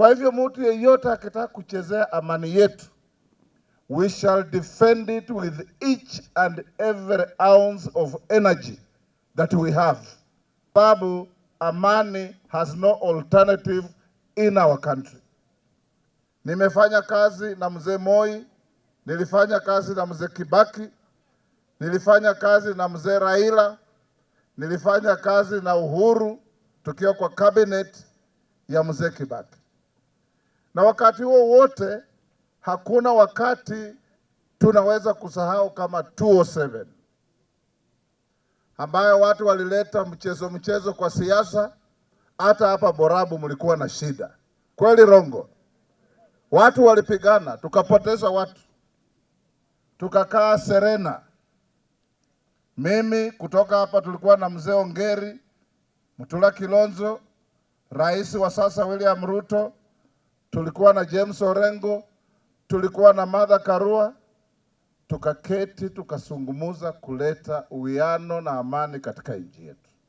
Kwa hivyo mtu yeyote akitaka kuchezea amani yetu, we shall defend it with each and every ounce of energy that we have, Babu, amani has no alternative in our country. Nimefanya kazi na mzee Moi, nilifanya kazi na mzee Kibaki, nilifanya kazi na mzee Raila, nilifanya kazi na Uhuru tukiwa kwa cabinet ya mzee Kibaki na wakati huo wote, hakuna wakati tunaweza kusahau kama 207 ambayo watu walileta mchezo mchezo kwa siasa. Hata hapa Borabu mlikuwa na shida kweli, Rongo watu walipigana, tukapoteza watu, tukakaa Serena. Mimi kutoka hapa tulikuwa na mzee Ongeri, Mtula Kilonzo, rais wa sasa William Ruto tulikuwa na James Orengo, tulikuwa na Martha Karua, tukaketi tukasungumuza kuleta uwiano na amani katika nchi yetu.